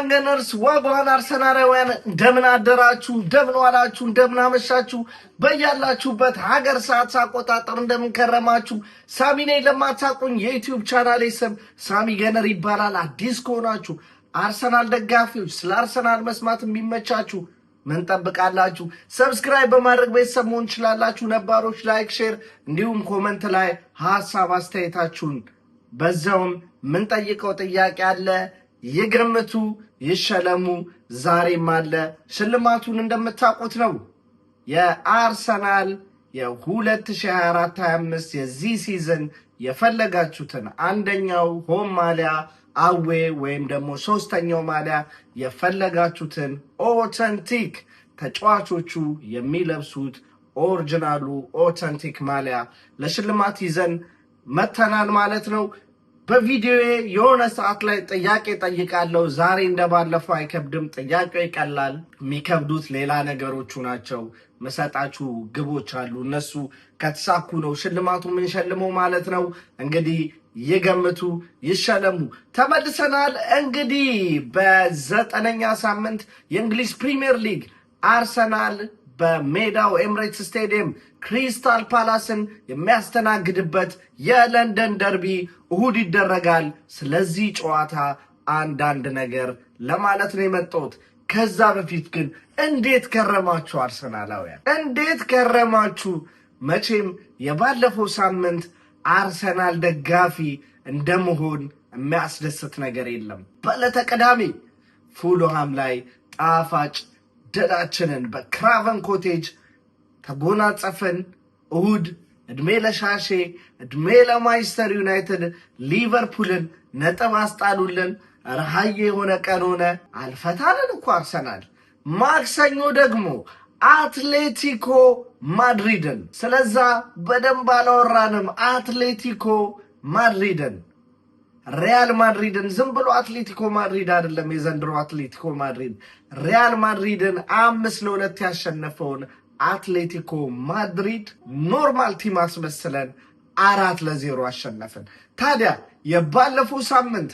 እንኳን ገነርስ ዋጓን አርሰናላውያን እንደምን አደራችሁ፣ እንደምን ዋላችሁ፣ እንደምን አመሻችሁ በያላችሁበት ሀገር ሰዓት ሳቆጣጠር እንደምን ከረማችሁ። ሳሚ ነኝ። ለማታውቁኝ የዩቲዩብ ቻናሌ ስም ሳሚ ገነር ይባላል። አዲስ ከሆናችሁ አርሰናል ደጋፊዎች፣ ስለ አርሰናል መስማት የሚመቻችሁ ምን ጠብቃላችሁ? ሰብስክራይብ በማድረግ ቤተሰብ መሆን ችላላችሁ ነባሮች ላይክ፣ ሼር እንዲሁም ኮመንት ላይ ሀሳብ አስተያየታችሁን በዛውም ምን ጠይቀው ጥያቄ አለ ይገምቱ። ይሸለሙ ዛሬም አለ። ሽልማቱን እንደምታውቁት ነው የአርሰናል የ2024/25 የዚህ ሲዝን የፈለጋችሁትን አንደኛው ሆም ማሊያ አዌ ወይም ደግሞ ሶስተኛው ማሊያ የፈለጋችሁትን ኦተንቲክ ተጫዋቾቹ የሚለብሱት ኦሪጂናሉ ኦተንቲክ ማሊያ ለሽልማት ይዘን መተናል ማለት ነው። በቪዲዮ የሆነ ሰዓት ላይ ጥያቄ ጠይቃለሁ። ዛሬ እንደባለፈው አይከብድም፣ ጥያቄው ይቀላል። የሚከብዱት ሌላ ነገሮቹ ናቸው። መሰጣችሁ ግቦች አሉ። እነሱ ከተሳኩ ነው ሽልማቱ የምንሸልመው ማለት ነው። እንግዲህ ይገምቱ፣ ይሸለሙ። ተመልሰናል። እንግዲህ በዘጠነኛ ሳምንት የእንግሊዝ ፕሪሚየር ሊግ አርሰናል በሜዳው ኤምሬትስ ስቴዲየም ክሪስታል ፓላስን የሚያስተናግድበት የለንደን ደርቢ እሁድ ይደረጋል። ስለዚህ ጨዋታ አንዳንድ ነገር ለማለት ነው የመጣሁት። ከዛ በፊት ግን እንዴት ከረማችሁ አርሰናላውያን? እንዴት ከረማችሁ? መቼም የባለፈው ሳምንት አርሰናል ደጋፊ እንደመሆን የሚያስደስት ነገር የለም። በዕለተ ቅዳሜ ፉልሃም ላይ ጣፋጭ ድላችንን በክራቨን ኮቴጅ ተጎናጸፈን። እሁድ እድሜ ለሻሼ እድሜ ለማንችስተር ዩናይትድ ሊቨርፑልን ነጥብ አስጣሉልን። ረሃዬ የሆነ ቀን ሆነ። አልፈታልን እኮ አርሰናል። ማክሰኞ ደግሞ አትሌቲኮ ማድሪድን። ስለዛ በደንብ አላወራንም። አትሌቲኮ ማድሪድን ሪያል ማድሪድን ዝም ብሎ አትሌቲኮ ማድሪድ አይደለም። የዘንድሮ አትሌቲኮ ማድሪድ ሪያል ማድሪድን አምስት ለሁለት ያሸነፈውን አትሌቲኮ ማድሪድ ኖርማል ቲም አስመስለን አራት ለዜሮ አሸነፍን። ታዲያ የባለፈው ሳምንት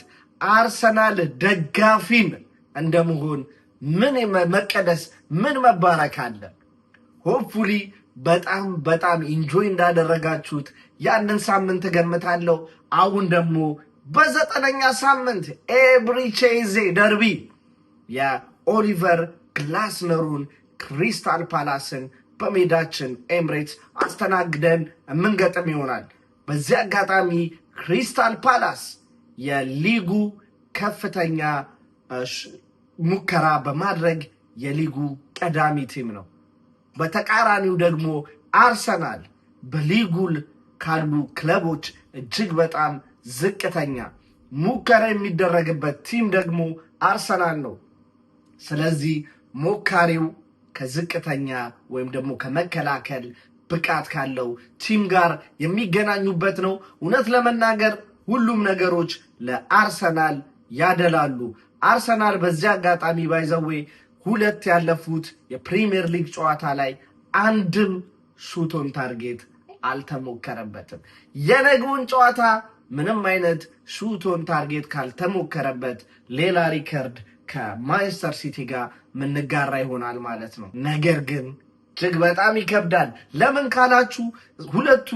አርሰናል ደጋፊን እንደመሆን ምን መቀደስ ምን መባረክ አለ። ሆፕፉሊ በጣም በጣም ኢንጆይ እንዳደረጋችሁት ያንን ሳምንት ገምታለሁ። አሁን ደግሞ በዘጠነኛ ሳምንት ኤብሪቼዜ ደርቢ የኦሊቨር ግላስነሩን ክሪስታል ፓላስን በሜዳችን ኤምሬትስ አስተናግደን የምንገጥም ይሆናል። በዚህ አጋጣሚ ክሪስታል ፓላስ የሊጉ ከፍተኛ ሙከራ በማድረግ የሊጉ ቀዳሚ ቲም ነው። በተቃራኒው ደግሞ አርሰናል በሊጉል ካሉ ክለቦች እጅግ በጣም ዝቅተኛ ሙከራ የሚደረግበት ቲም ደግሞ አርሰናል ነው። ስለዚህ ሞካሪው ከዝቅተኛ ወይም ደግሞ ከመከላከል ብቃት ካለው ቲም ጋር የሚገናኙበት ነው። እውነት ለመናገር ሁሉም ነገሮች ለአርሰናል ያደላሉ። አርሰናል በዚህ አጋጣሚ ባይዘዌ ሁለት ያለፉት የፕሪሚየር ሊግ ጨዋታ ላይ አንድም ሹቶን ታርጌት አልተሞከረበትም። የነገውን ጨዋታ ምንም አይነት ሹቶን ታርጌት ካልተሞከረበት ሌላ ሪከርድ ከማንቸስተር ሲቲ ጋር ምንጋራ ይሆናል ማለት ነው። ነገር ግን እጅግ በጣም ይከብዳል። ለምን ካላችሁ ሁለቱ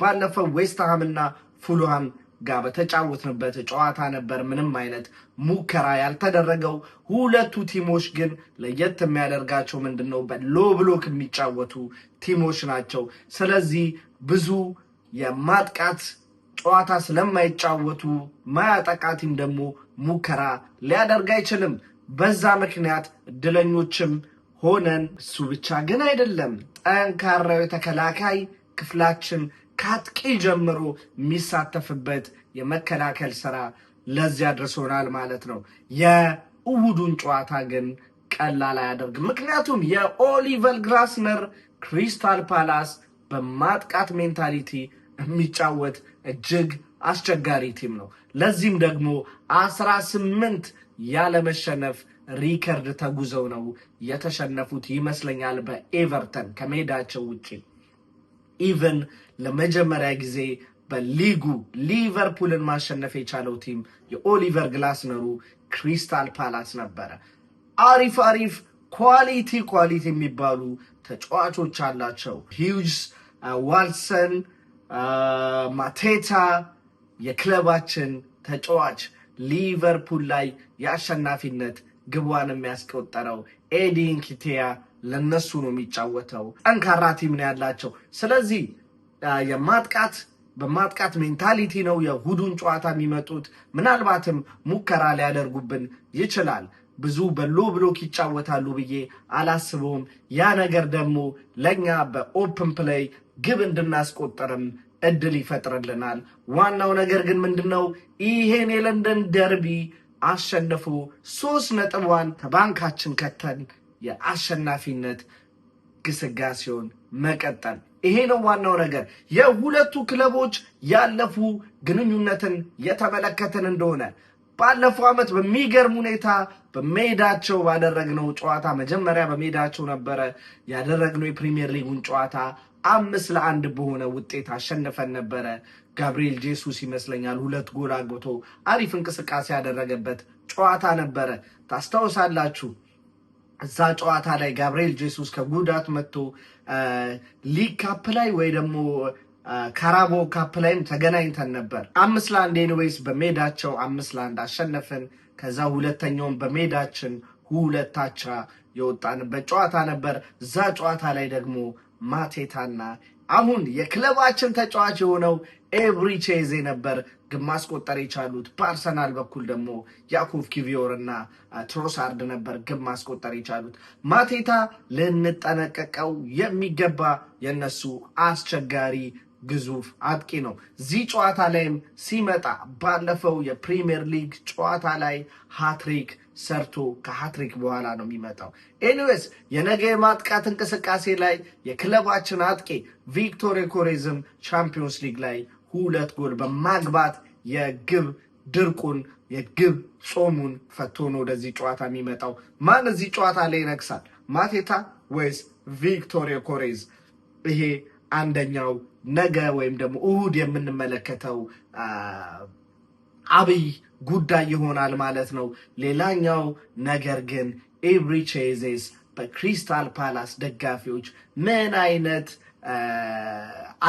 ባለፈው ዌስትሃም እና ፉልሃም ጋር በተጫወትንበት ጨዋታ ነበር ምንም አይነት ሙከራ ያልተደረገው። ሁለቱ ቲሞች ግን ለየት የሚያደርጋቸው ምንድን ነው? በሎ ብሎክ የሚጫወቱ ቲሞች ናቸው። ስለዚህ ብዙ የማጥቃት ጨዋታ ስለማይጫወቱ ማያጠቃቲም ደግሞ ሙከራ ሊያደርግ አይችልም። በዛ ምክንያት እድለኞችም ሆነን እሱ ብቻ ግን አይደለም። ጠንካራው የተከላካይ ክፍላችን ከአጥቂ ጀምሮ የሚሳተፍበት የመከላከል ስራ ለዚያ አድርሶናል ማለት ነው። የእሁዱን ጨዋታ ግን ቀላል አያደርግም። ምክንያቱም የኦሊቨር ግላስነር ክሪስታል ፓላስ በማጥቃት ሜንታሊቲ የሚጫወት እጅግ አስቸጋሪ ቲም ነው። ለዚህም ደግሞ አስራ ስምንት ያለመሸነፍ ሪከርድ ተጉዘው ነው የተሸነፉት ይመስለኛል በኤቨርተን ከሜዳቸው ውጭ ኢቨን ለመጀመሪያ ጊዜ በሊጉ ሊቨርፑልን ማሸነፍ የቻለው ቲም የኦሊቨር ግላስነሩ ክሪስታል ፓላስ ነበረ። አሪፍ አሪፍ ኳሊቲ ኳሊቲ የሚባሉ ተጫዋቾች አላቸው። ሂውጅስ ዋልሰን ማቴታ የክለባችን ተጫዋች ሊቨርፑል ላይ የአሸናፊነት ግቧን የሚያስቆጠረው ኤዲን ኪቴያ ለነሱ ነው የሚጫወተው። ጠንካራ ቲም ነው ያላቸው። ስለዚህ የማጥቃት በማጥቃት ሜንታሊቲ ነው የእሁዱን ጨዋታ የሚመጡት። ምናልባትም ሙከራ ሊያደርጉብን ይችላል። ብዙ በሎ ብሎክ ይጫወታሉ ብዬ አላስበውም። ያ ነገር ደግሞ ለእኛ በኦፕን ፕሌይ ግብ እንድናስቆጠርም እድል ይፈጥርልናል። ዋናው ነገር ግን ምንድነው? ይሄን የለንደን ደርቢ አሸንፎ ሶስት ነጥቧን ከባንካችን ከተን የአሸናፊነት ግስጋሴውን መቀጠል ይሄ ነው ዋናው ነገር። የሁለቱ ክለቦች ያለፉ ግንኙነትን የተመለከተን እንደሆነ ባለፈው ዓመት በሚገርም ሁኔታ በሜዳቸው ባደረግነው ጨዋታ መጀመሪያ በሜዳቸው ነበረ ያደረግነው የፕሪሚየር ሊጉን ጨዋታ አምስት ለአንድ በሆነ ውጤት አሸንፈን ነበረ። ጋብርኤል ጄሱስ ይመስለኛል ሁለት ጎል አግብቶ አሪፍ እንቅስቃሴ ያደረገበት ጨዋታ ነበረ። ታስታውሳላችሁ። እዛ ጨዋታ ላይ ጋብርኤል ጄሱስ ከጉዳት መጥቶ ሊግ ካፕ ላይ ወይ ደግሞ ካራቦ ካፕ ላይም ተገናኝተን ነበር። አምስት ለአንድ ኤኒዌይስ በሜዳቸው አምስት ለአንድ አሸነፍን። ከዛ ሁለተኛውን በሜዳችን ሁለታቻ የወጣንበት ጨዋታ ነበር። እዛ ጨዋታ ላይ ደግሞ ማቴታና አሁን የክለባችን ተጫዋች የሆነው ኤብሪቼዜ ነበር ግን ማስቆጠር የቻሉት። በአርሰናል በኩል ደግሞ ያኩብ ኪቪዮር እና ትሮሳርድ ነበር ግን ማስቆጠር የቻሉት። ማቴታ ልንጠነቀቀው የሚገባ የነሱ አስቸጋሪ ግዙፍ አጥቂ ነው። እዚህ ጨዋታ ላይም ሲመጣ ባለፈው የፕሪሚየር ሊግ ጨዋታ ላይ ሃትሪክ ሰርቶ ከሀትሪክ በኋላ ነው የሚመጣው። ኤኒዌስ የነገ የማጥቃት እንቅስቃሴ ላይ የክለባችን አጥቂ ቪክቶር ኮሬዝም ቻምፒዮንስ ሊግ ላይ ሁለት ጎል በማግባት የግብ ድርቁን የግብ ጾሙን ፈቶ ነው ወደዚህ ጨዋታ የሚመጣው። ማን እዚህ ጨዋታ ላይ ይነግሳል? ማቴታ ወይስ ቪክቶር ኮሬዝ? ይሄ አንደኛው ነገ ወይም ደግሞ እሁድ የምንመለከተው አብይ ጉዳይ ይሆናል ማለት ነው። ሌላኛው ነገር ግን ኤብሪ ቼዜስ በክሪስታል ፓላስ ደጋፊዎች ምን አይነት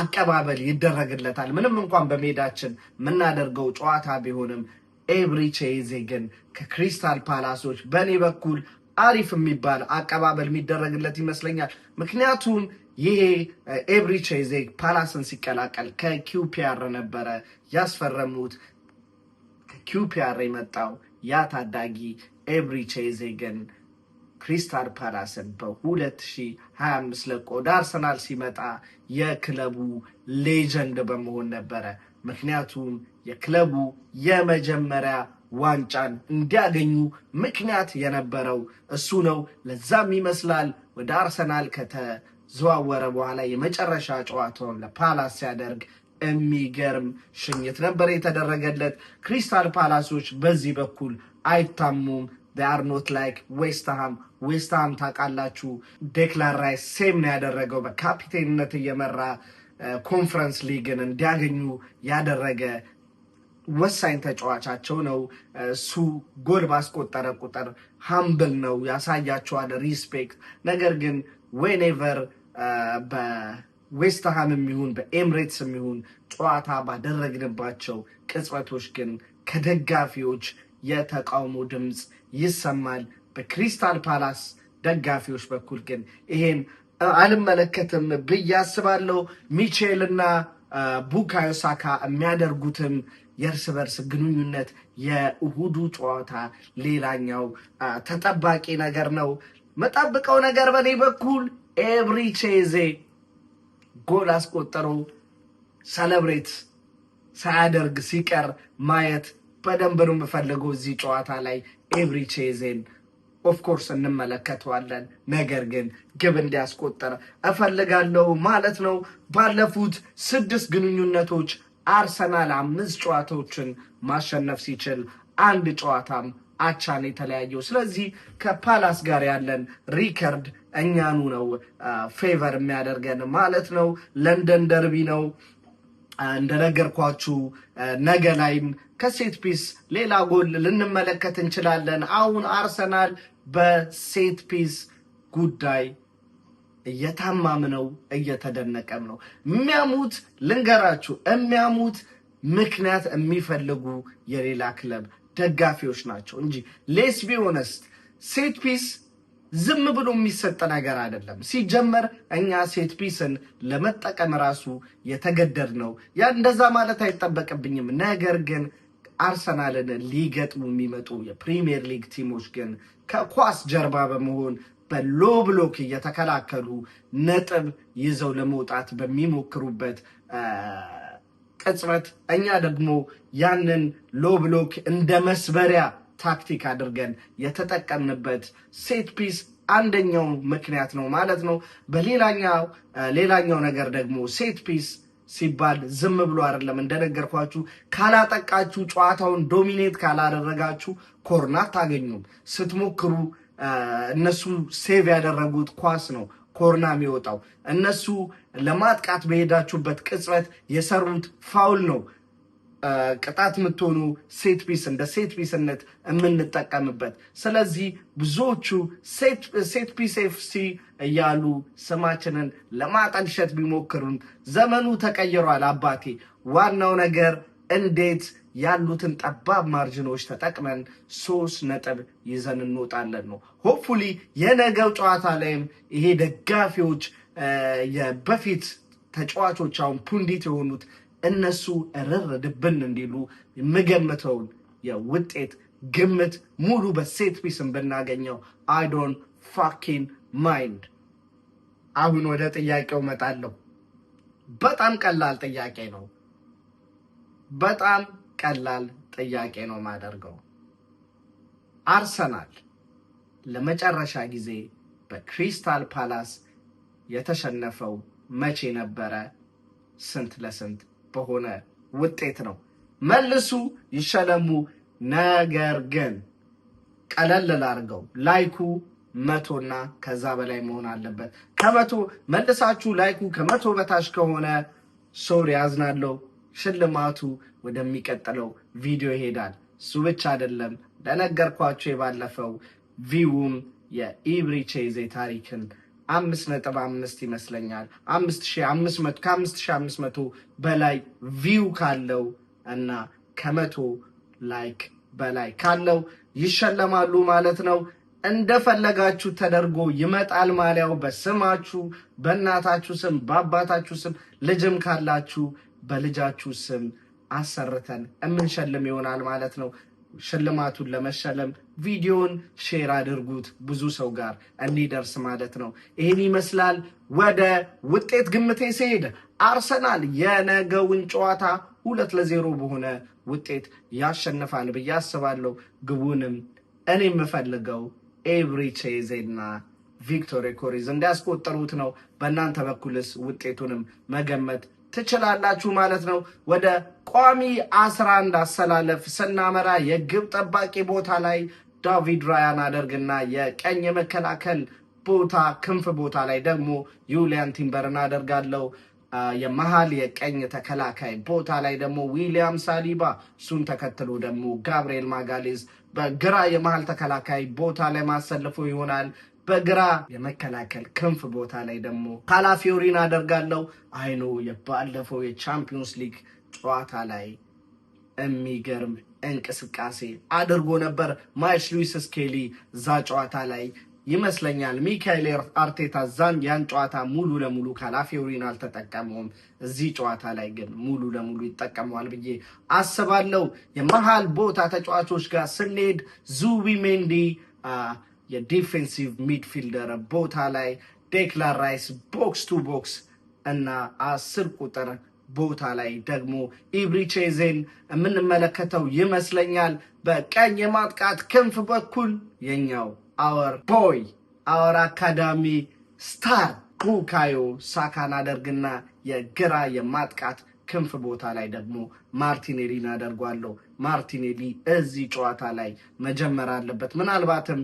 አቀባበል ይደረግለታል? ምንም እንኳን በሜዳችን የምናደርገው ጨዋታ ቢሆንም ኤብሪ ቼዜ ግን ከክሪስታል ፓላሶች በእኔ በኩል አሪፍ የሚባል አቀባበል የሚደረግለት ይመስለኛል። ምክንያቱም ይሄ ኤብሪ ቼዜ ፓላስን ሲቀላቀል ከኪውፒያር ነበረ ያስፈረሙት። ከኪዩፒአር የመጣው ያ ታዳጊ ኤምሪ ቼዜገን ክሪስታል ፓላስን በ2025 ለቆ ወደ አርሰናል ሲመጣ የክለቡ ሌጀንድ በመሆን ነበረ። ምክንያቱም የክለቡ የመጀመሪያ ዋንጫን እንዲያገኙ ምክንያት የነበረው እሱ ነው። ለዛም ይመስላል ወደ አርሰናል ከተዘዋወረ በኋላ የመጨረሻ ጨዋታውን ለፓላስ ሲያደርግ የሚገርም ሽኝት ነበር የተደረገለት። ክሪስታል ፓላሶች በዚህ በኩል አይታሙም። አርኖት ላይክ ዌስትሃም ዌስትሃም ታውቃላችሁ፣ ዴክላን ራይስ ሴም ነው ያደረገው። በካፒቴንነት እየመራ ኮንፈረንስ uh, ሊግን እንዲያገኙ ያደረገ ወሳኝ ተጫዋቻቸው ነው። uh, እሱ ጎል ባስቆጠረ ቁጥር ሃምብል ነው ያሳያቸዋል፣ ሪስፔክት ነገር ግን ዌኔቨር uh, በ ዌስትሃም የሚሆን በኤምሬትስ የሚሆን ጨዋታ ባደረግንባቸው ቅጽበቶች ግን ከደጋፊዎች የተቃውሞ ድምፅ ይሰማል። በክሪስታል ፓላስ ደጋፊዎች በኩል ግን ይሄን አልመለከትም ብዬ አስባለሁ። ሚቼል እና ቡካዮ ሳካ የሚያደርጉትም የእርስ በርስ ግንኙነት የእሁዱ ጨዋታ ሌላኛው ተጠባቂ ነገር ነው። መጠብቀው ነገር በእኔ በኩል ኤብሪቼዜ ጎል አስቆጠሩ ሰለብሬት ሳያደርግ ሲቀር ማየት በደንብ ነው የምፈልገው እዚህ ጨዋታ ላይ ቼዜን ኦፍኮርስ እንመለከተዋለን። ነገር ግን ግብ እንዲያስቆጠር እፈልጋለሁ ማለት ነው። ባለፉት ስድስት ግንኙነቶች አርሰናል አምስት ጨዋታዎችን ማሸነፍ ሲችል አንድ ጨዋታም አቻን የተለያየው። ስለዚህ ከፓላስ ጋር ያለን ሪከርድ እኛኑ ነው ፌቨር የሚያደርገን ማለት ነው። ለንደን ደርቢ ነው እንደነገርኳችሁ ነገ ላይም ከሴት ፒስ ሌላ ጎል ልንመለከት እንችላለን። አሁን አርሰናል በሴት ፒስ ጉዳይ እየታማም ነው፣ እየተደነቀም ነው። የሚያሙት ልንገራችሁ፣ የሚያሙት ምክንያት የሚፈልጉ የሌላ ክለብ ደጋፊዎች ናቸው እንጂ ሌስ ቢ ሴት ፒስ ዝም ብሎ የሚሰጥ ነገር አይደለም። ሲጀመር እኛ ሴት ፒስን ለመጠቀም ራሱ የተገደድ ነው። ያ እንደዛ ማለት አይጠበቅብኝም። ነገር ግን አርሰናልን ሊገጥሙ የሚመጡ የፕሪሚየር ሊግ ቲሞች ግን ከኳስ ጀርባ በመሆን በሎ ብሎክ እየተከላከሉ ነጥብ ይዘው ለመውጣት በሚሞክሩበት ቅጽበት እኛ ደግሞ ያንን ሎ ብሎክ እንደ መስበሪያ ታክቲክ አድርገን የተጠቀምንበት ሴት ፒስ አንደኛው ምክንያት ነው ማለት ነው። በሌላኛው ሌላኛው ነገር ደግሞ ሴት ፒስ ሲባል ዝም ብሎ አይደለም። እንደነገርኳችሁ ካላጠቃችሁ፣ ጨዋታውን ዶሚኔት ካላደረጋችሁ ኮርና አታገኙም። ስትሞክሩ እነሱ ሴቭ ያደረጉት ኳስ ነው ኮርና የሚወጣው። እነሱ ለማጥቃት በሄዳችሁበት ቅጽበት የሰሩት ፋውል ነው ቅጣት የምትሆኑ ሴት ፒስ እንደ ሴት ፒስነት የምንጠቀምበት። ስለዚህ ብዙዎቹ ሴት ፒስ ኤፍሲ እያሉ ስማችንን ለማጠልሸት ቢሞክሩን ዘመኑ ተቀይሯል አባቴ። ዋናው ነገር እንዴት ያሉትን ጠባብ ማርጅኖች ተጠቅመን ሶስት ነጥብ ይዘን እንወጣለን ነው። ሆፕፉሊ የነገው ጨዋታ ላይም ይሄ ደጋፊዎች በፊት ተጫዋቾች አሁን ፑንዲት የሆኑት እነሱ ረረድብን እንዲሉ የምገምተውን የውጤት ግምት ሙሉ በሴት ፒስን ብናገኘው አይዶን ፋኪን ማይንድ። አሁን ወደ ጥያቄው መጣለሁ። በጣም ቀላል ጥያቄ ነው። በጣም ቀላል ጥያቄ ነው ማደርገው። አርሰናል ለመጨረሻ ጊዜ በክሪስታል ፓላስ የተሸነፈው መቼ ነበረ? ስንት ለስንት በሆነ ውጤት ነው። መልሱ ይሸለሙ። ነገር ግን ቀለል ላርገው ላይኩ መቶና ከዛ በላይ መሆን አለበት። ከመቶ መልሳችሁ ላይኩ ከመቶ በታች ከሆነ ሶሪ ያዝናለው፣ ሽልማቱ ወደሚቀጥለው ቪዲዮ ይሄዳል። እሱ ብቻ አይደለም፣ ለነገርኳቸው የባለፈው ቪውም የኢብሪቼዜ ታሪክን አምስት ነጥብ አምስት ይመስለኛል አምስት ሺ አምስት መቶ ከአምስት ሺ አምስት መቶ በላይ ቪው ካለው እና ከመቶ ላይክ በላይ ካለው ይሸለማሉ ማለት ነው። እንደፈለጋችሁ ተደርጎ ይመጣል ማሊያው በስማችሁ በእናታችሁ ስም በአባታችሁ ስም ልጅም ካላችሁ በልጃችሁ ስም አሰርተን የምንሸልም ይሆናል ማለት ነው። ሽልማቱን ለመሸለም ቪዲዮን ሼር አድርጉት፣ ብዙ ሰው ጋር እንዲደርስ ማለት ነው። ይህን ይመስላል። ወደ ውጤት ግምቴ ሲሄድ አርሰናል የነገውን ጨዋታ ሁለት ለዜሮ በሆነ ውጤት ያሸንፋል ብዬ አስባለሁ። ግቡንም እኔ የምፈልገው ኤብሪ ዜና ቪክቶር ኮሪዝ እንዲያስቆጠሩት ነው። በእናንተ በኩልስ ውጤቱንም መገመት ትችላላችሁ ማለት ነው። ወደ ቋሚ አስራ አንድ አሰላለፍ ስናመራ የግብ ጠባቂ ቦታ ላይ ዳቪድ ራያን አደርግና የቀኝ የመከላከል ቦታ ክንፍ ቦታ ላይ ደግሞ ዩሊያን ቲምበርን አደርጋለሁ። የመሀል የቀኝ ተከላካይ ቦታ ላይ ደግሞ ዊሊያም ሳሊባ፣ እሱን ተከትሎ ደግሞ ጋብርኤል ማጋሌዝ በግራ የመሀል ተከላካይ ቦታ ላይ ማሰልፎ ይሆናል። በግራ የመከላከል ክንፍ ቦታ ላይ ደግሞ ካላፊዮሪን አደርጋለሁ። አይኑ የባለፈው የቻምፒዮንስ ሊግ ጨዋታ ላይ የሚገርም እንቅስቃሴ አድርጎ ነበር። ማይልስ ሉዊስ ስኬሊ እዛ ጨዋታ ላይ ይመስለኛል ሚካኤል አርቴታ ዛን ያን ጨዋታ ሙሉ ለሙሉ ካላፊዮሪን አልተጠቀመውም። እዚህ ጨዋታ ላይ ግን ሙሉ ለሙሉ ይጠቀመዋል ብዬ አስባለሁ። የመሃል ቦታ ተጫዋቾች ጋር ስንሄድ ዙቢ ሜንዲ የዲፌንሲቭ ሚድፊልደር ቦታ ላይ ዴክላን ራይስ ቦክስ ቱ ቦክስ እና አስር ቁጥር ቦታ ላይ ደግሞ ኢብሪቼዜን የምንመለከተው ይመስለኛል። በቀኝ የማጥቃት ክንፍ በኩል የኛው አወር ቦይ አወር አካዳሚ ስታር ቡካዮ ሳካን አደርግና የግራ የማጥቃት ክንፍ ቦታ ላይ ደግሞ ማርቲኔሊን አደርጓለሁ። ማርቲኔሊ እዚህ ጨዋታ ላይ መጀመር አለበት። ምናልባትም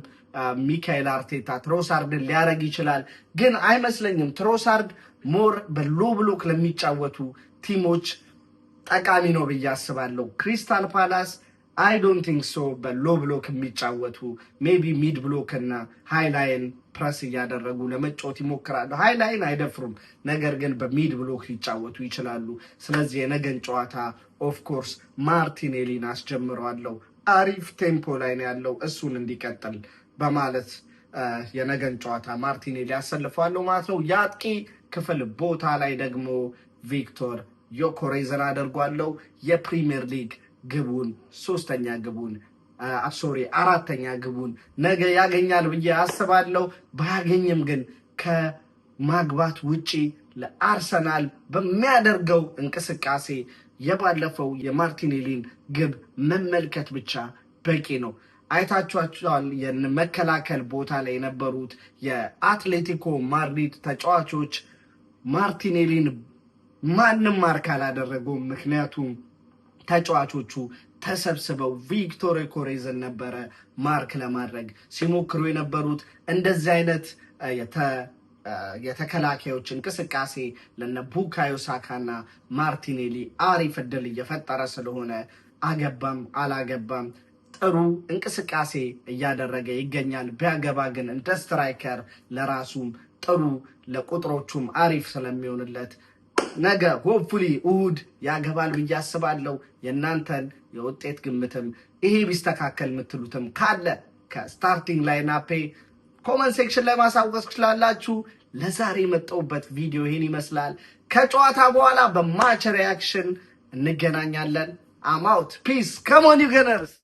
ሚካኤል አርቴታ ትሮሳርድን ሊያደርግ ይችላል፣ ግን አይመስለኝም። ትሮሳርድ ሞር በሎ ብሎክ ለሚጫወቱ ቲሞች ጠቃሚ ነው ብዬ አስባለሁ። ክሪስታል ፓላስ አይ ዶንት ቲንክ ሶ በሎ ብሎክ የሚጫወቱ ሜቢ ሚድ ብሎክ እና ሃይ ላይን ፕረስ እያደረጉ ለመጫወት ይሞክራሉ። ሃይ ላይን አይደፍሩም፣ ነገር ግን በሚድ ብሎክ ሊጫወቱ ይችላሉ። ስለዚህ የነገን ጨዋታ ኦፍኮርስ ማርቲኔሊን አስጀምረዋለሁ። አሪፍ ቴምፖ ላይ ነው ያለው፣ እሱን እንዲቀጥል በማለት የነገን ጨዋታ ማርቲኔሊ አሰልፈዋለሁ ማለት ነው። የአጥቂ ክፍል ቦታ ላይ ደግሞ ቪክቶር ዮኮሬዝን አደርጓለሁ የፕሪሚየር ሊግ ግቡን ሶስተኛ ግቡን ሶሪ አራተኛ ግቡን ነገ ያገኛል ብዬ አስባለሁ። ባያገኝም ግን ከማግባት ውጪ ለአርሰናል በሚያደርገው እንቅስቃሴ የባለፈው የማርቲኔሊን ግብ መመልከት ብቻ በቂ ነው። አይታችኋቸዋል። መከላከል ቦታ ላይ የነበሩት የአትሌቲኮ ማድሪድ ተጫዋቾች ማርቲኔሊን ማንም ማርክ አላደረገውም። ምክንያቱም ተጫዋቾቹ ተሰብስበው ቪክቶር ዮኬሬዝን ነበረ ማርክ ለማድረግ ሲሞክሩ የነበሩት። እንደዚህ አይነት የተከላካዮች እንቅስቃሴ ለነ ቡካዮ ሳካና ማርቲኔሊ አሪፍ እድል እየፈጠረ ስለሆነ አገባም አላገባም ጥሩ እንቅስቃሴ እያደረገ ይገኛል። ቢያገባ ግን እንደ ስትራይከር ለራሱም ጥሩ ለቁጥሮቹም አሪፍ ስለሚሆንለት ነገ ሆፕፉሊ እሁድ ያገባል ብዬ አስባለሁ። የእናንተን የውጤት ግምትም ይሄ ቢስተካከል የምትሉትም ካለ ከስታርቲንግ ላይን አፔ ኮመን ሴክሽን ላይ ማሳወቅ ትችላላችሁ። ለዛሬ የመጣሁበት ቪዲዮ ይህን ይመስላል። ከጨዋታ በኋላ በማች ሪያክሽን እንገናኛለን። አማውት ፒስ ከሞን ዩገነርስ